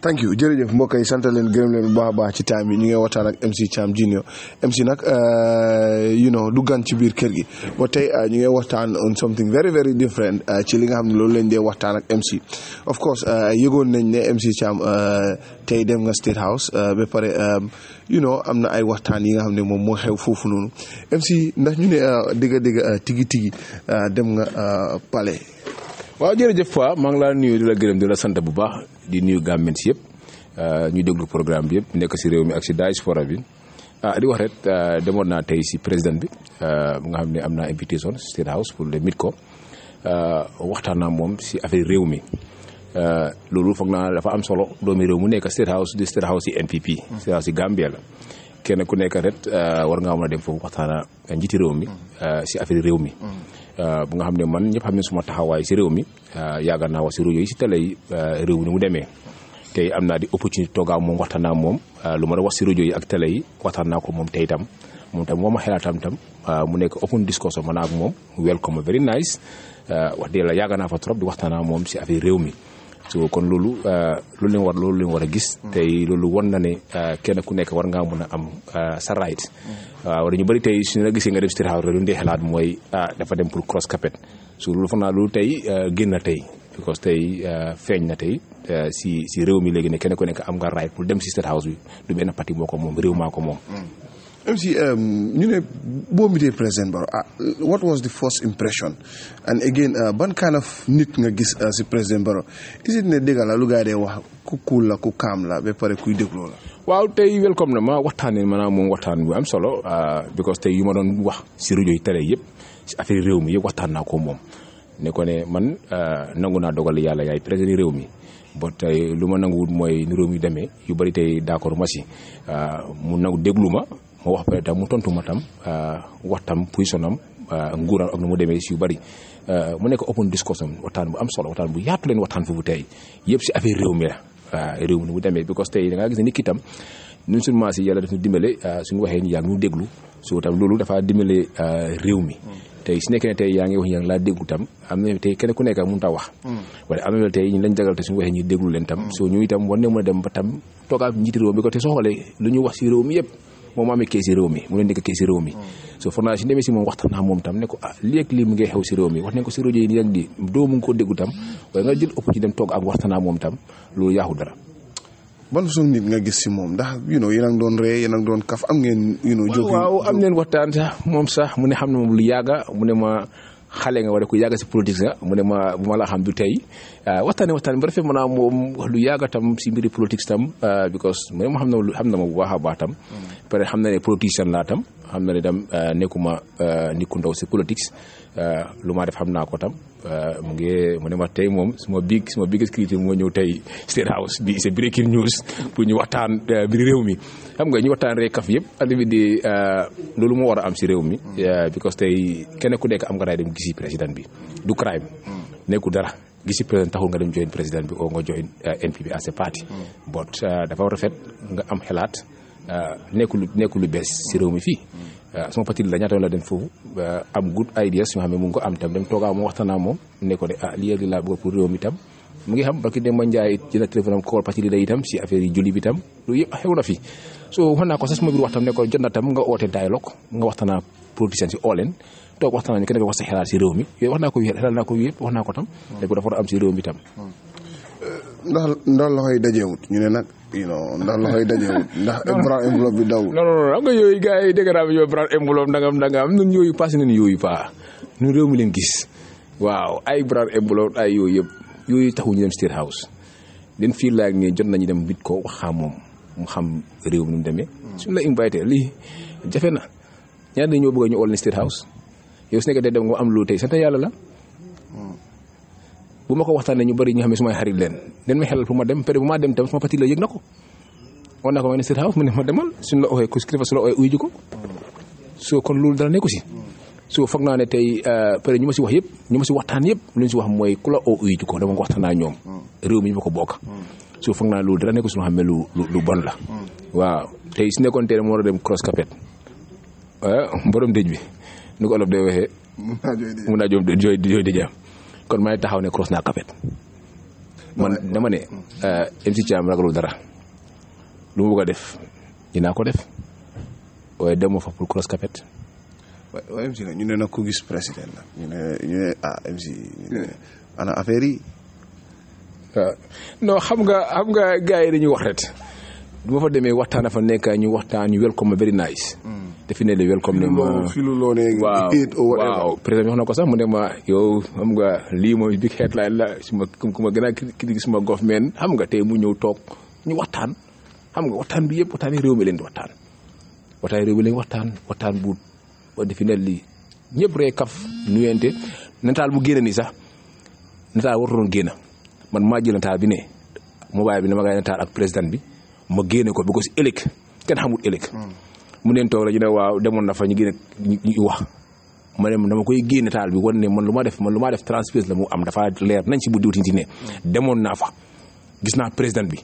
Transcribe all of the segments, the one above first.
thank you jërëjëf mbokk yi sant leen gërëm leen bu baax a baax ci time yi ñu ngi waxtaan ak MC Cham Junior MC nag euh, you know du gan ci biir kër gi ba tey euh, ñu ngi waxtaan on something very very different euh, ci li nga xam ne loolu lañ dee waxtaan ak MC of course yëgoon nañ ne MC Cham tey dem nga State House ba pare you know am na ay waxtaan yi nga xam ne moom moo xew foofu noonu MC ndax ñu ne digga digga tigi tigi dem nga pale waaw jërëjëf fa maa ngi laa nuyu di la gërëm di la sant bu baax. di nuyu gàmmen si yëpp euh, ñu déglu programme bi yëpp nekk si réew mi ak si diaspora bi a ah, di wax rek euh, demoon naa tey si président bi bu euh, nga xam ne am naa invitation State House pour le MITCO waxtaan naa moom si affaire réew mi loolu foog naa dafa am solo doomi réew mu nekk State House di State House yi NPP State House yi Gambia la kenn ku nekk ret euh, war ngaa mën a dem foofu waxtaana njiiti réew mi euh, si affaire réew mi mm. euh, bu nga xam ne man ñëpp xam ne suma taxawaay si réew mi yaaga naa wax si rajo yi si télé yi réew ni mu demee tey am naa di opportunité toogaa moom waxtaan naa moom lu ma a wax si rajo yi ak télé yi waxtaan naa ko moom tey tam moom tam moo ma xelaatam tam mu nekk open discussion man ak moom welcome very nice wax dëgg yàlla yaaga naa fa trop di waxtaan moom si affaire réew mi so kon loolu euh, loolu lañ war loolu lañ war a gis mm. tey loolu wan na ne euh, kenn ku nekk war ngaa mën a am euh, sa right mm. waaw dañu bëri tey suñu la gisee nga def street house lu ñu mooy ah dafa dem pour cross carpet so loolu foog naa loolu tey génn na tey because tey feeñ na tey si si réew mi léegi ne kenn ku nekk am nga right pour dem si street house bi du benn parti moo moom réew maa ko moom mm. MC um, ñu ne boo mitee président Barrow ah what was the first impression and again uh, ban kind of nit nga gis uh, si président Barrow is it ne dëgg la lu gaa dee wax ku kuul la ku kaam la ba kuy dégloo la. waaw tey welcome ma waxtaanee maanaam moom waxtaan bu am solo uh, because tey yu ma doon wax si rajo yi télé yëpp si affaire réew mi yëpp waxtaan naa ko moom. ne ko ne man nangu naa dogal yàlla yaay président réew mi ba lu ma nanguwul mooy ni réew mi demee yu bari tey d'accord ma si mu nangu déglu ma. ma wax pare tam mu tontu ma tam euh, wax tam position am euh, nguuraan ak nu mu demee si yu bëri euh, mu nekk open discussion waxtaan bu am solo waxtaan bu yaatu leen waxtaan foofu tey yëpp si affaire réew da ngaa gis ne nit ki tam ñun suñu maas yi yàlla daf ñu dimbale suñu waxee ñu yàgg ñu déglu soo tam loolu dafa dimbale réew mi hmm. tey su wax ñu laa tam am na hmm. hmm. a a réew mi ko te soxale lu ñu wax si réew mi yëpp moom moo amee kii si réew mi mu a nekk kii si réew mi hmm. so foog naa si demee si moom waxtaan naa moom tam ne a ah lii mu ngi xew si réew mi wax nañ si rajo yi nii ak déggu tam waaye nga jël ëpp ci dem toog ak waxtaan moom tam loolu yaaxu dara ban façon nit nga gis si moom ndax you know a doon ree yéen a doon kaf am ngeen you know waaw am neen waxtaan sax moom sax mu xam ne moom lu yàgga mu xale nga wala ku yàgg si politique nga mu ne ma bu ma la xam du tey euh, waxtaane waxtaane ba rafet mu moom lu yàgg tam si mbiri politique tam euh, because mu ma xam na xam na ma bu baax a baax tam hmm. pare xam na ne politicien laa tam xam na ne tam euh, nekkuma euh, nit ku ndaw si politique euh, lu ma def xam naa ko tam mu ngi mu ne ma tey moom suma big suma biggest critique moo ñëw tey State House bi c'est breaking news pour ñu waxtaan bi réew mi xam nga ñu waxtaan rek kaf yëpp andi bi loolu moo war a am si réew mi mm. because tey kenn ku nekk am nga daay dem gisi président bi du crime mm. nekku dara gisi président taxu nga dem join président bi o nga join NPP as a party mm. but dafa rafet nga am xelaat nekkul nekkul lu bees si réew mi fii waaw euh, sama patit la la dem foofu euh, am good ideas yoo xam ne mu ngi ko am tam dem toogaa moom waxtaan naa moom ne de ah lii ak lii laa bëgg pour réew mi tam mu ngi xam parce que Demba na téléphone am kool parti leader itam si wax ko na tam nga oote dialogue wax réew mi wax naa ko yëpp xalaat naa ko ko tam. Hmm. dañ a am si réew ndax ndax loxo dajewut ñu ne nag non ndax loxo yi dajewut ndax bras enveloppe bi dawul. non non xam nga yooyu gars yi dégg naa bi yooyu bras enveloppe ndangam ndangam yooyu paa réew mi leen gis waaw ay bras enveloppe ay yooyu yëpp yooyu taxu ñu dem State House den fii laaj nii jot nañu dem bit ko waxaa moom mu xam réew mi nu mu demee. la invité lii jafe na ñaar dañoo bëgg ñu ol ni yow su nekkee day dem nga am lu tey sant yàlla la. Hmm. bu ma ko waxtaanee ñu bëri ñi nga xam ne sumay xarit leen den ma xelal pour ma dem pare bu maa dem tam suma pati yëg na ko wan naa ko ma ne Sir House mu ne ma demal suñ la ooyee su ko soo kon loolu dara si soo foog naa ne tey euh, pare ñu ma si wax yëpp ñu ma si waxtaan yëpp lu ñu si wax mooy ku la oo uyu ko dama ko waxtaan ñoom réew mi ñu ma ko bokk soo foog naa loolu dara nekku su ma xam ne lu lu bon la waaw tey su nekkoon tey moo war a dem cross capet euh, borom dëj bi nu ko olof day waxee mun naa jooy dëjam kon may taxaw ne cross naa kafet man dama ne euh, MC Thiam dara lu mu bëgg def dinaa ko def waaye demu fa pour cross kafet waaw MC nag ñu ne na ku gis président la ne ñu ah, MC ana affaire yi. waaw euh, xam nga xam nga gars yi dañuy wax rek. bu ma fa demee waxtaan fa nekk ñu waxtaan ñu welcome ma very nice. Mm. definitely welcome ne ma filuloo ne waaw na ko sax ma yow lii mooy big ma gën a critique suma government xam nga tey mu ñëw toog ñu waxtaan xam nga waxtaan bi yëpp waxtaan réew mi leen waxtaan waxtaan waxtaan waxtaan bu ba definitely ñëpp ree kaf nuyente nataal bu génn nii sax nataal warutoon génn bi ne mobile bi na ak président bi ma génne ko because ëllëg kenn xamul ëllëg mu neen toog rek ñu ne waaw demoon na fa ñu génne ñu wax ma ne dama koy génne taal bi wan ne man lu ma def man lu ma def transfert la mu am dafa leer nañ si bu diwtinti ne demoon naa fa gis naa président bi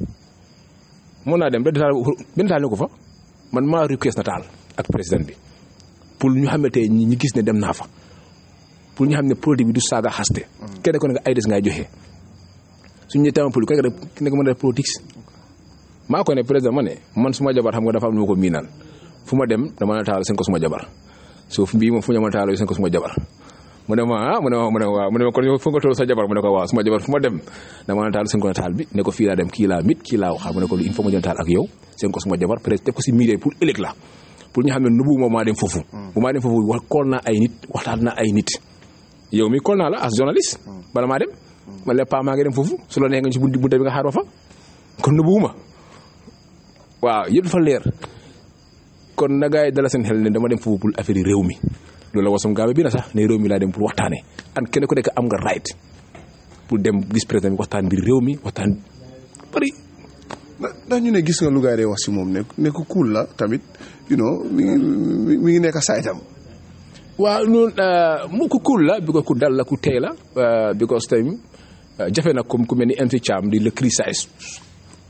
mën naa dem benn taal benn taal ne ko fa man maa request na taal ak président bi pour ñu xamante ñi ñu gis ne dem naa fa pour ñu xam ne produit bi du saaga xaste ko ne nga ay des ngay joxe suñu ne maa ko ne président ma ne man suma jabar xam nga dafa am lu ma ko miinaan fu dem dama la taal seen ko suma jabar suuf ne ma ah, ne ma ne waaw ne ma maa dem hmm. dem foofu wax la hmm. hmm. ngi dem foofu su la neexee nga ci buntu buntu bi nga xaar wa kon nubuuma waaw yëpp dafa leer kon nagaa yi dala seen xel ne dama dem foofu pour affaire yi réew mi loolu la wasum gaabe bi na sax ne réew mi laa dem pour waxtaane an kenn ku nekk am nga right pour dem gis président bi waxtaan bi réew mi waxtaan bari ndax ñu ne gis nga lu gars yi dee wax si moom ne ne ku kuul la tamit you know mi ngi nekk saytam waaw noonu euh, mu ku kuul la because ku dal la ku tey la euh, because time euh, jafe na comme ku mel ni MC Cham di le criticize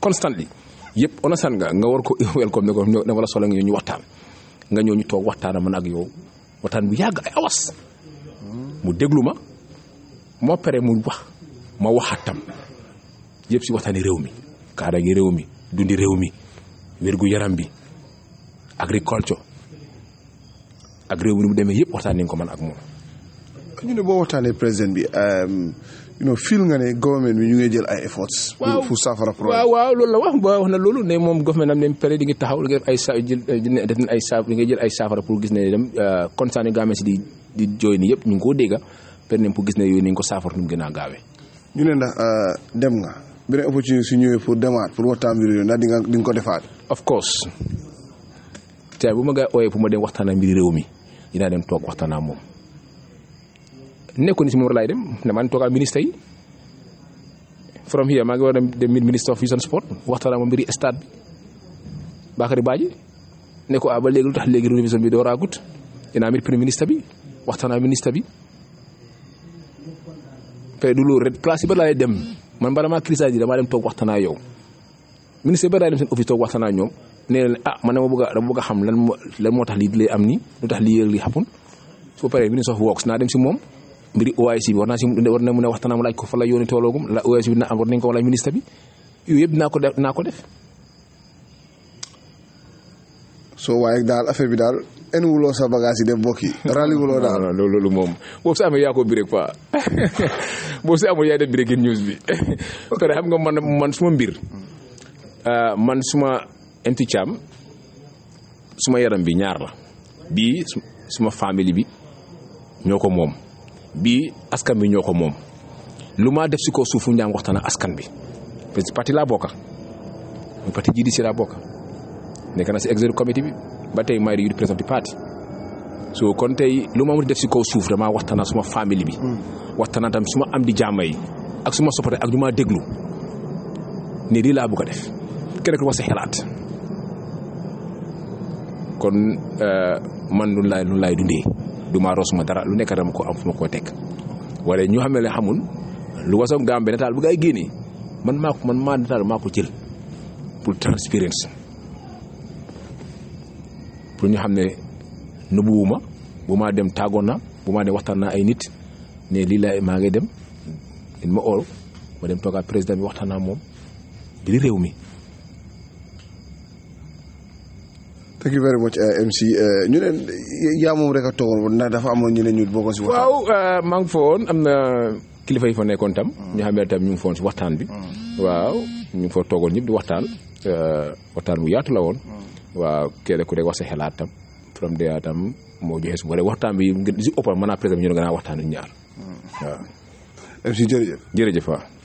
constantly yëpp onasan nga nga war ko welcome ko dama wala solo nga ñëw ñu waxtaan nga ñëw ñu toog waxtaan man ak yow wataan bu yàgg ay awas mu déglu ma moo pare mu wax ma waxatam yëpp si waxtaani réew mi kaada gi réew mi dundi réew mi wérgu yaram bi agriculture ak réew mi mu demee yëpp waxtaan nañ ko man ak moom ñu ne boo waxtaanee président bi euh, you know feel nga ne government bi ñu ngi jël ay efforts. waaw saafara problème. waaw waaw loolu la wax ba wax na loolu ne moom government am nañ pare di ngi taxaw di def ay sa jël def ay sa di nga jël ay saafara pour gis ne dem euh, concerne gaa si di di jooy ni yëpp ñu ngi koo dégg pare nañ pour gis ne yooyu nañ ko saafara nu mu a gaawee. ñu ne ndax euh, dem nga beneen opportunité su ñëwee pour demaat pour waxtaan mbir yooyu ndax di nga di nga ko defaat. of course. bu ma gaa ooyee pour ma dem waxtaan ak mbiri réew mi dinaa dem toog waxtaan ak moom. nekkoon si moom laay dem damaa leen toogal ministre yi from maa ngi war a dem ministre of vision sport waxtaan ak mbiri stade ko ah ba léegi lu tax léegi bi door a gudd dinaa ministre bi waxtaan ak ministre bi. te du loolu rek place yi dem man bala maa crise ji damaa dem toog yow ministre ba laay dem seen office toog waxtaan ak ñoom nee na ah man dama bëgg a a moo tax lii di lay am nii tax lii yëg lii xamul ministre of works naa dem si moom. mbiri OIC bi war naa si war na mën a waxtaan laaj ko fa la yónni tooloogum la OIC bi na am war nañ ko bi yooyu yëpp naa ko def naa ko soo waaye daal affaire bi daal en wuloo sa bagage yi dem bokk yi. rali wuloo daal non loolu moom boo si amee yaa ko biree quoi boo si amul yaay def breaking news bi. parce xam nga man suma mbir. Ah, man suma intu caam suma yaram bi ñaar la bii suma famille bi ñoo ko moom. bi askan bi ñoo ko moom lu maa def si kaw suufu njaam waxtaan askan bi parce que parti laa bokka parti jii di si laa bokka nekk na si executive committee bi ba tey may di youth president du parti so kon tey lu ma mën def si kaw suuf damaa waxtaan suma famille bi hmm. waxtaan tam suma am di jaama yi ak suma soppate ak ñu maa déglu ne di laa bëgg a def kenn ku wax sa xalaat kon euh, man lu laay lu laay dundee du ma ros dara lu nekk dama ko am fu ma koo teg wala ñu xam ne la xamul lu wasoon Gambie nataal bu ngay génnee man maa man maa nataal maa ko jël pour transparence pour ñu xam ne nubuwuma bu maa dem tàggoon na bu maa ne waxtaan naa ay nit ne liila laa maa ngi dem in ma ool ma dem toogaat président bi waxtaan naa moom bi réew mi thank you very much uh, MC uh, ñu neen yaa moom rek a toogoon ndax dafa amoon ñu ne ñu bokkoon si waxtaan uh, maa ngi fa am na kilifa yi nekkoon tam mm. ñu tam ñu ngi fa si waxtaan bi mm. waaw ñu ngi fa toogoon ñëpp di waxtaan waxtaan bu yaatu la woon mm. waaw kenn ku nekk wax sa xelaat tam from there tam moo joxe su bëree waxtaan bi si ëppal mën naa présenté ñu ne gën a waxtaan ñaar MC jërëjëf jërëjëf